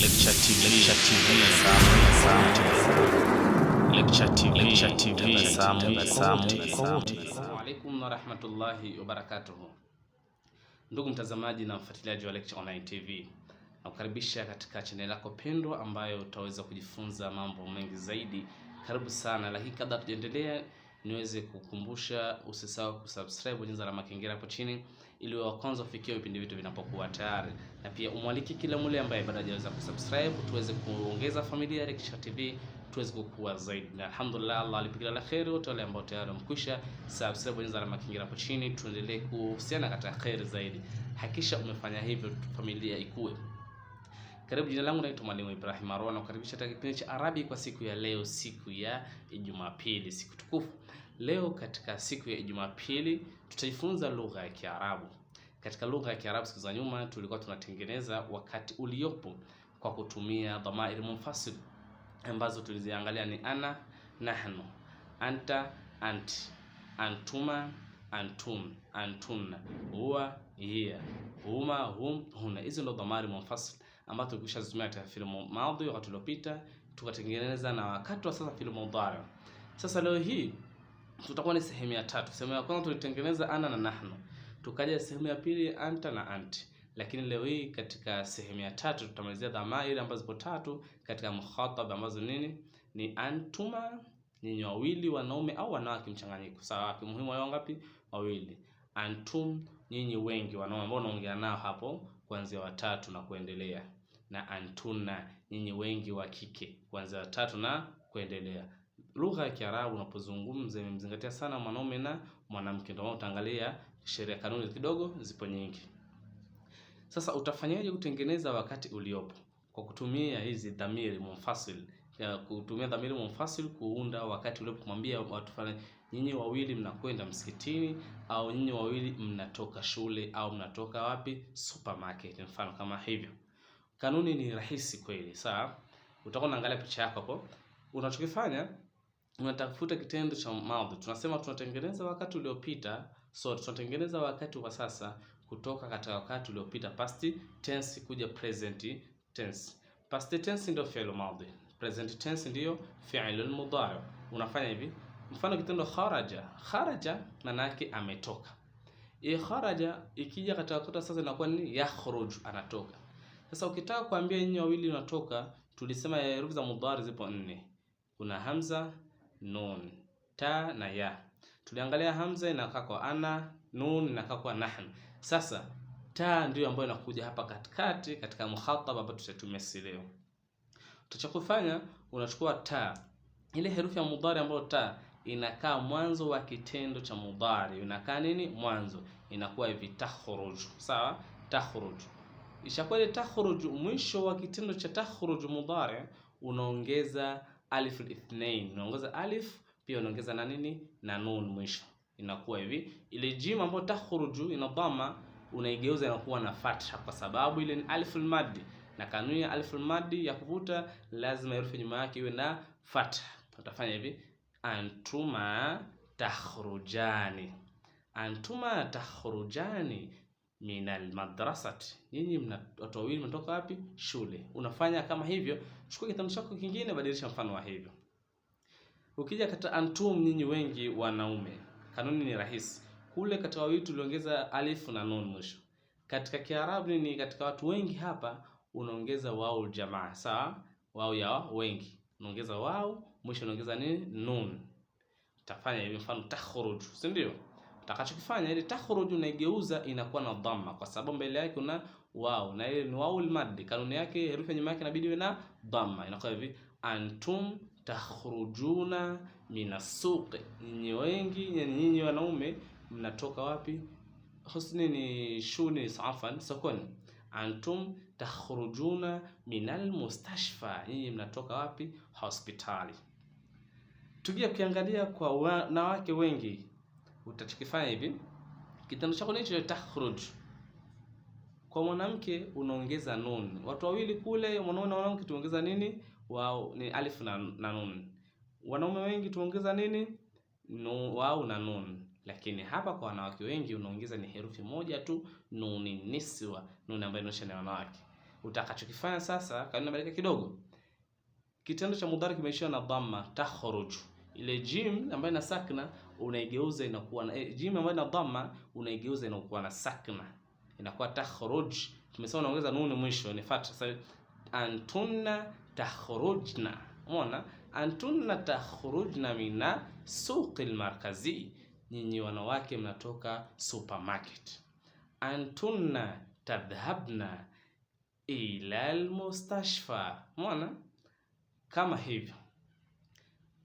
Lecture TV, Lecture Ndugu mtazamaji na mfuatiliaji wa Lecture Online TV, nakukaribisha katika chaneli yako pendwa ambayo utaweza kujifunza mambo mengi zaidi. Karibu sana, lakini kabla tujaendelea niweze kukumbusha, usisahau kusubscribe, bonyeza la makengera hapo chini ili wa kwanza ufikie vipindi vyetu vinapokuwa tayari, na pia umwalike kila mule ambaye bado hajaweza kusubscribe, tuweze kuongeza familia ya Lekisha TV tuweze kukua zaidi, na alhamdulillah, Allah alipikia la kheri wote wale ambao tayari wamkwisha subscribe. Bonyeza alama kingira hapo chini, tuendelee kuhusiana katika kheri zaidi. Hakisha umefanya hivyo, familia ikue. Karibu, jina langu naitwa Mwalimu Ibrahim Arwa, nakukaribisha katika kipindi cha Arabi kwa siku ya leo, siku ya Jumapili, siku tukufu. Leo katika siku ya Jumapili tutajifunza lugha ya Kiarabu. Katika lugha ya Kiarabu siku za nyuma tulikuwa tunatengeneza wakati uliopo kwa kutumia dhamair munfasil ambazo tuliziangalia ni ana, nahnu, anta, anti, antuma, antum, antunna, huwa, hiya, huma, hum, huna. Hizi ndo dhamair munfasil ambazo tulikwishazitumia katika fi'il madhi wakati uliopita tukatengeneza na wakati wa sasa fi'il mudhari. Sasa leo hii tutakuwa ni sehemu ya tatu. Sehemu ya kwanza tulitengeneza ana na nahnu, tukaja sehemu ya pili anta na anti, lakini leo hii katika sehemu ya tatu tutamalizia dhamairi ambazo zipo tatu katika mukhatab ambazo nini ni antuma, nyinyi wawili wanaume au wanawake mchanganyiko. Sawa, muhimu wao ngapi? Wawili. Antum, nyinyi wengi wanaume ambao unaongea nao hapo kuanzia watatu na kuendelea, na antuna, nyinyi wengi wa kike kuanzia watatu na kuendelea lugha ya Kiarabu unapozungumza imemzingatia sana mwanaume na mwanamke, ndio maana utaangalia sheria kanuni kidogo zipo nyingi. Sasa utafanyaje kutengeneza wakati uliopo? Kwa kutumia hizi dhamiri munfasil, ya kutumia dhamiri munfasil kuunda wakati uliopo, kumwambia watu fulani, nyinyi wawili mnakwenda msikitini, au nyinyi wawili mnatoka shule, au mnatoka wapi, supermarket, mfano kama hivyo. Kanuni ni rahisi kweli, sawa. Utakuwa unaangalia picha yako hapo, unachokifanya tunatafuta kitendo cha madhi. Tunasema tunatengeneza wakati uliopita, so tunatengeneza wakati wa sasa kutoka katika wakati uliopita past tense kuja present tense. Past tense ndio fi'il madhi, present tense ndio fi'il mudhari. Unafanya hivi, mfano kitendo kharaja. Kharaja maana yake ametoka. Ye kharaja ikija katika wakati wa sasa inakuwa ni yakhruju, anatoka. Sasa ukitaka kuambia nyinyi wawili unatoka, tulisema herufi za mudhari zipo nne, kuna hamza nun, ta na ya. Tuliangalia hamza inakaa kwa ana, nun inakaa kwa nahnu. Sasa ta ndiyo ambayo inakuja hapa katikati katika mukhatab ambao tutatumia leo. Tutachokufanya unachukua ta, ile herufi ya mudhari ambayo ta inakaa mwanzo wa kitendo cha mudhari, inakaa nini? Mwanzo inakuwa hivi takhruj. Sawa, takhruj ishakuwa ile takhruj, mwisho wa kitendo cha takhruj mudhari unaongeza alif ithnain, unaongeza alif pia unaongeza na nini na nun mwisho, inakuwa hivi. Ile jim ambayo takhruju ina dhamma, unaigeuza inakuwa na fatha, kwa sababu ile ni alif almad, na kanuni ya alif almad ya kuvuta lazima herufi nyuma yake iwe na fatha. Utafanya hivi antuma takhrujani, antuma takhrujani minal madrasati, nyinyi mna watu wawili mnatoka wapi? Shule. Unafanya kama hivyo, chukua kitambu chako kingine, badilisha mfano wa hivyo. Ukija kata antum, nyinyi wengi wanaume, kanuni ni rahisi. Kule katika wawili tuliongeza alifu na nun mwisho. Katika Kiarabu ni katika watu wengi hapa unaongeza wau jamaa, sawa? Wau ya wengi unaongeza wau, mwisho unaongeza nini? Nun. Tafanya hivi, mfano takhruju, si ndio? atakachokifanya ile takhruju naigeuza inakuwa na dhamma, kwa sababu mbele yake kuna wao na ile ni waul maddi. Kanuni yake herufi ya nyuma yake inabidi iwe na dhamma. Inakuwa hivi antum takhrujuna minasuqi, nyinyi wengi, nyinyi wanaume mnatoka wapi? Husni ni shuni safan sokoni. Antum takhrujuna minal mustashfa, nyinyi mnatoka wapi? Hospitali. Tukija ukiangalia kwa wanawake wengi utachokifanya hivi, kitendo chako nicho cha takhruj, kwa mwanamke unaongeza nun. Watu wawili kule, mwanaume na mwanamke, tuongeza nini? Wao ni alif na, na nun. Wanaume wengi tuongeza nini? No, wao na nun lakini hapa kwa wanawake wengi unaongeza ni herufi moja tu nuni niswa nuni ambayo inaonyesha ni wanawake. Utakachokifanya sasa, kanuni inabadilika kidogo. Kitendo cha mudhari kimeishia na dhamma takhruju ile jim ambayo ina sakna unaigeuza inakuwa na eh, jim ambayo ina dhamma unaigeuza inakuwa na sakna, inakuwa takhruj. Tumesema unaongeza nuni mwisho ni fatha. Sasa antunna takhrujna, umeona antunna takhrujna mina suqi almarkazi, nyinyi wanawake mnatoka supermarket. Antunna tadhhabna ila almustashfa, umeona kama hivyo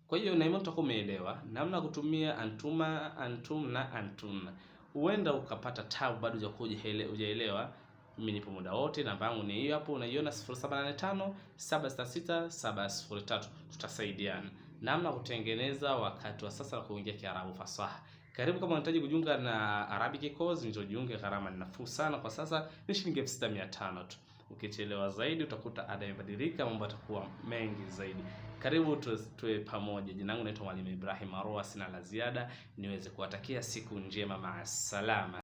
kwa hiyo naimani utakuwa umeelewa namna kutumia antuma, antum na antuna. Huenda ukapata tabu bado hujakuwa kujielewa. Mimi nipo muda wote, namba yangu ni hiyo hapo unaiona 0785 766 703. Tutasaidiana namna kutengeneza wakati wa sasa wa kuingia Kiarabu fasaha. Karibu. Kama unahitaji kujiunga na Arabic course, ndio jiunge, gharama ni nafuu sana. Kwa sasa ni shilingi 6500 tu. Ukichelewa zaidi utakuta ada imebadilika, mambo yatakuwa mengi zaidi. Karibu tuwe, tuwe pamoja. Jina langu naitwa Mwalimu Ibrahim Aroa, sina la ziada, niweze kuwatakia siku njema, maasalama.